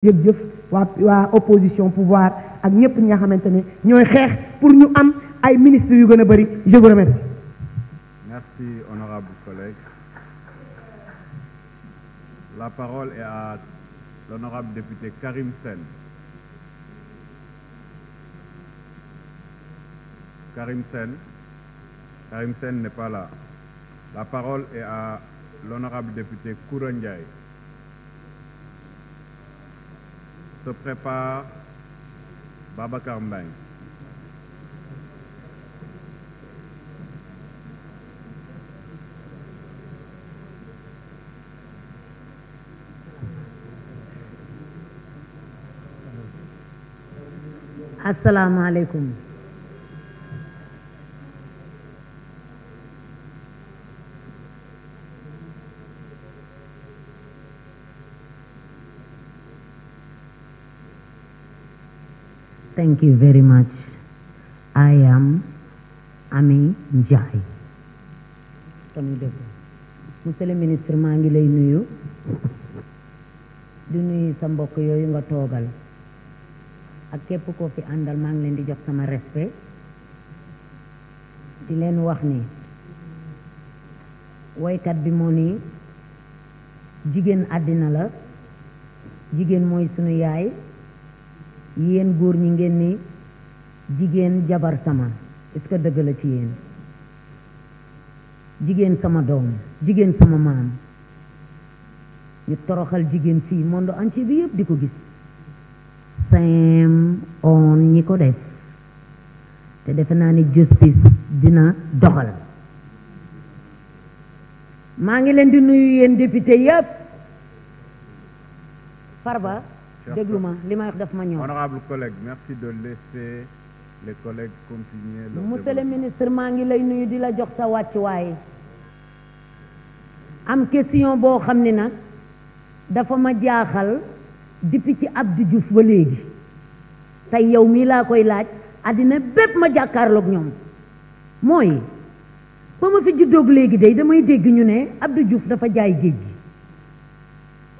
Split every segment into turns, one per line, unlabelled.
jëf-jëf waa waa ak ñëpp ñi nga xamante ne ñooy xeex pour ñu am ay ministres yu gën a bëri je vous remercie.
merci honorable collègue la parole est à l'honorable député Karim Sène Karim Sène Karim n'est pas là la parole est à l'honorable député Koura se prépare Baba Karmbang.
asalaamaaleykum Thank you very much. I am Ami Ndiaye. monsieur ministre maa ngi lay nuyu di nuyu sa mbokk yooyu nga toogal ak képp koo fi àndal maa ngi leen di jox sama respect di leen wax ni woykat bi moo ni jigéen àddina la jigéen mooy sunu yaay yéen góor ñi ngeen ni jigéen jabar sama est-ce que dëgg la ci yéen jigéen sama doom jigéen sama maam ñu toroxal jigéen fii monde entier bi yëpp di ko gis same on ñi ko def te defe naa ni justice dina doxal maa ngi leen di nuyu yéen député yëpp Farba
déglu ma li may wax daf ma ñëw. honorable collègue merci de laisser
ministre maa ngi lay nuyu di la jox sa wàccuwaay am question boo xam ne nag dafa ma jaaxal depuis ci Abdou Diouf ba léegi tey yow mii laa koy laaj àddina bépp ma jàkkaarlook ñoom mooy ba ma fi juddoog léegi day damay dégg ñu ne Abdou Diouf dafa jaay géej gi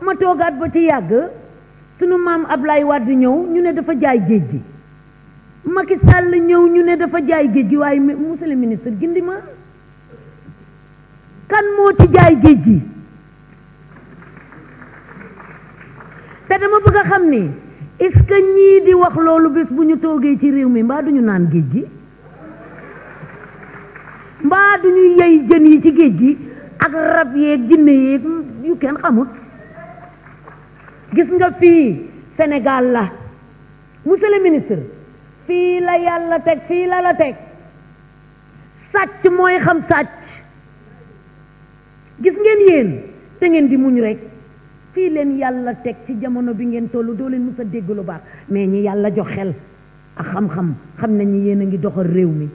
ma toogaat ba ci yàgg. sunu maam ab Ablaye Wade ñëw ñu ne dafa jaay géej gi Macky Sall ñëw ñu ne dafa jaay géej gi waaye monsieur le ministre gindi ma kan moo ci jaay géej gi te dama bëgg a xam ni est-ce que ñii di wax loolu bés bu ñu toogee ci réew mi mbaa duñu naan géej gi mbaa duñu yey jën yi ci géej gi ak rab yeeg jinne yeeg yu kenn xamut gis nga fii senegaal la monsieur le ministre fii la yàlla teg fii la la teg sàcc mooy xam sàcc gis ngeen yéen te ngeen di muñ rekk fii leen yàlla teg ci jamono bi ngeen tollu doo leen mës a dégg lu baax mais ñi yàlla jox xel ak xam-xam xam nañ ni yéen a ngi doxal réew mi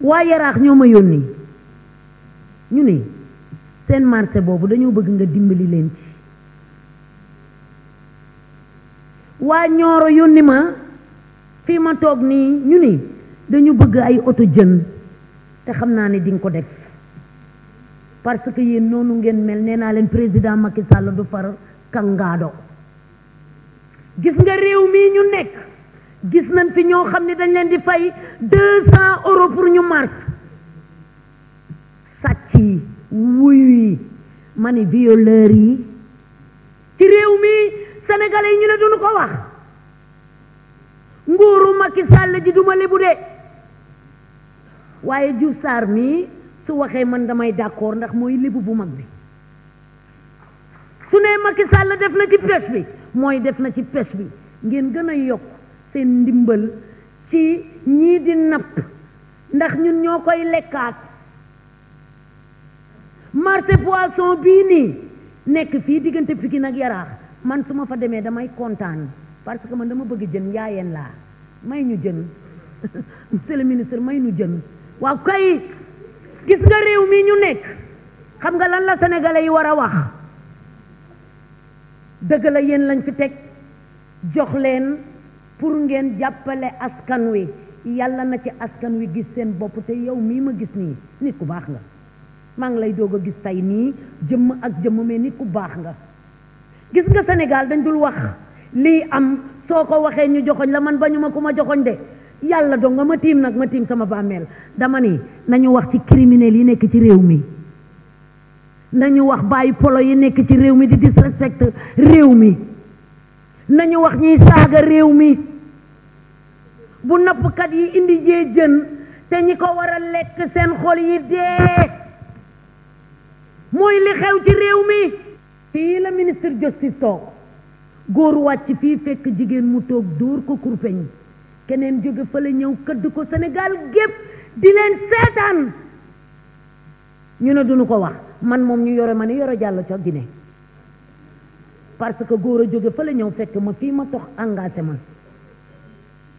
waa yaraax ñoo ma yónni ñu ne seen marché boobu dañoo bëgg nga dimbali leen ci waa ñooro yónni ma fii ma toog nii ñu nii dañu bëgg ay oto jën te xam naa ni di ko def parce que yéen noonu ngeen mel nee naa leen président Macky Sall du far kangaado gis nga réew mii ñu nekk gis nañ fi ñoo xam ne dañ leen di fay deux cent euros pour ñu mars sàcc yi wuyu yi violeur yi ci réew mi sénégalais yi ñu ne duñu ko wax nguuru Macky Sall ji duma lebu de waaye Diouf saar mii su waxee man damay d'accord ndax mooy lebu bu mag bi su ne Macky sàll def na ci pes bi mooy def na ci pes bi ngeen gën a yokk seen ndimbal ci ñii di napp ndax ñun ñoo koy lekkaat marché poisson bii nii nekk fii diggante Pikine ak Yaraax man su ma fa demee damay kontaan parce que man dama bëgg jën njaayeen laa may ñu jën monsieur le ministre may ñu jën waaw kay gis nga réew mi ñu nekk xam nga lan la sénégalais yi war a wax dëgg la yéen lañ fi teg jox leen pour ngeen jàppale askan wi yàlla na ci askan wi gis seen bopp te yow mii ma gis nii nit ku baax nga maa ngi lay doog a gis tey nii jëmm ak jëmm mais nit ku baax nga gis nga Sénégal dañ dul wax lii am soo ko waxee ñu joxoñ la man bañuma ku ma joxoñ de yàlla dong nga ma tiim nag ma tiim sama bàmmeel dama ni nañu wax ci criminel yi nekk ci réew mi nañu wax bàyyi polo yi nekk ci réew mi di disrespect réew mi nañu wax ñiy saaga réew mi bu nappkat yi indi jee jën te ñi ko war a lekk seen xol yi dee mooy li xew ci réew mi fii la ministre justice toog góor wàcc fii fekk jigéen mu toog dóor ko kurpeñ keneen jóge fële ñëw këdd ko Sénégal gépp di leen seetaan ñu ne duñu ko wax man moom ñu yore ma ne yore jàll ca Guinée parce que góor a jóge fële ñëw fekk ma fii ma tox engagé man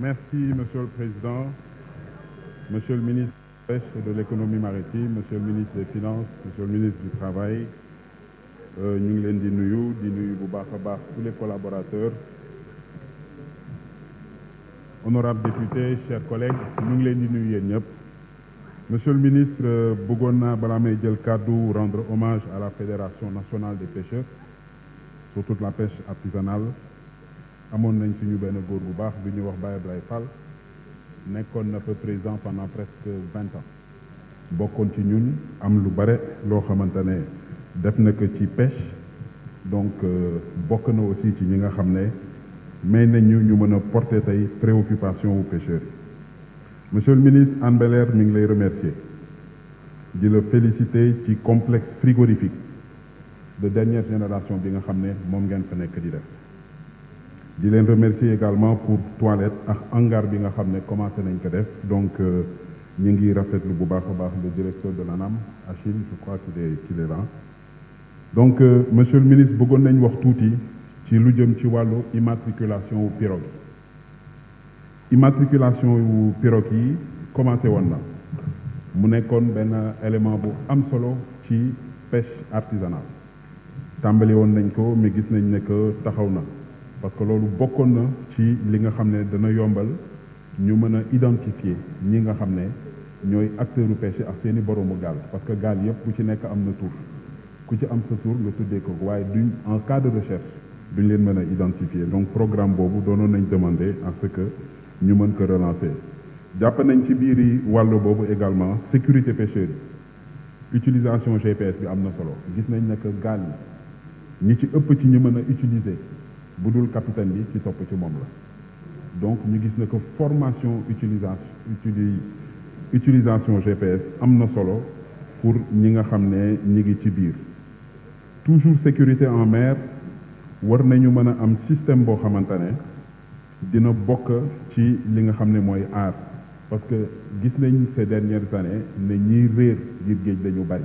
Merci, Monsieur le Président, Monsieur le ministre de la Pêche et de l'économie maritime, Monsieur le ministre des Finances, Monsieur le ministre du Travail, euh, ñu ngi leen di nuyu di nuyu bu baax a baax tous les collaborateurs honorables députés chers collègues ñu ngi leen di nuyu yéen ñëpp monsieur le ministre bëggoon naa balaa may jël kàddu rendre hommage à la fédération nationale des pêcheurs sur toute la pêche artisanale amoon nañ suñu benn góor bu baax bi ñuy wax Baye Ablaye Fall nekkoon na fa président pendant presque vingt ans bokkoon ci ñun am lu bare loo xamante ne def na ko ci pêche donc euh, bokk na aussi ci ñi nga xam ne may nañu ñu mën a porter tey préoccupation wu pêcheurs monsieur le ministre Hann Bel-Air ngi lay remercier di la féliciter ci complex frigorifique de dernière génération bi nga xam ne moom ngeen fa nekk di def di leen remercier également pour toilette ak hangar bi nga xam ne commencé nañ ko def donc euh, ñu ngi rafetlu bu baax a baax le directeur de l'ANAM Achille je crois qu'il est qu'il est là donc euh, monsieur ministre bëggoon nañu wax tuuti ci lu jëm ci wàllu immatriculation wu pirogue immatriculation wu pirogue yi commencé woon na mu nekkoon benn élément bu am solo ci pêche artisanale tàmbali woon nañ ko mais gis nañ ne que taxaw na parce que loolu bokkoon na ci li nga xam ne dana yombal ñu mën a identifier ñi nga xam ne ñooy acteuru pêche ak seeni boroomu gaal parce que gaal yëpp ku ci nekk am na tur ku ci am sa tur nga tuddee ko waaye duñ en cas de recherche duñ leen mën a identifier donc programme boobu doonoon nañu demander à que ñu mën ko relancer jàpp nañ ci biir yi wàll boobu également sécurité pêcheurs yi utilisation GPS bi am na solo gis nañ ne que gaal yi ñi ci ëpp ci ñu mën a utiliser. bu dul capitaine bi ci topp ci moom la donc ñu gis na ko formation utilisation utili utilisation GPS am na solo pour ñi nga xam ne ñi ngi ci biir toujours sécurité en maire war nañu mën a am système boo xamante ne dina bokk ci li nga xam ne mooy aar parce que gis nañ ces dernières années ne ñiy réer biir géej lañu bari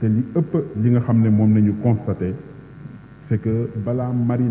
te li ëpp li nga xam ne moom nañu constaté c'est que balaa marine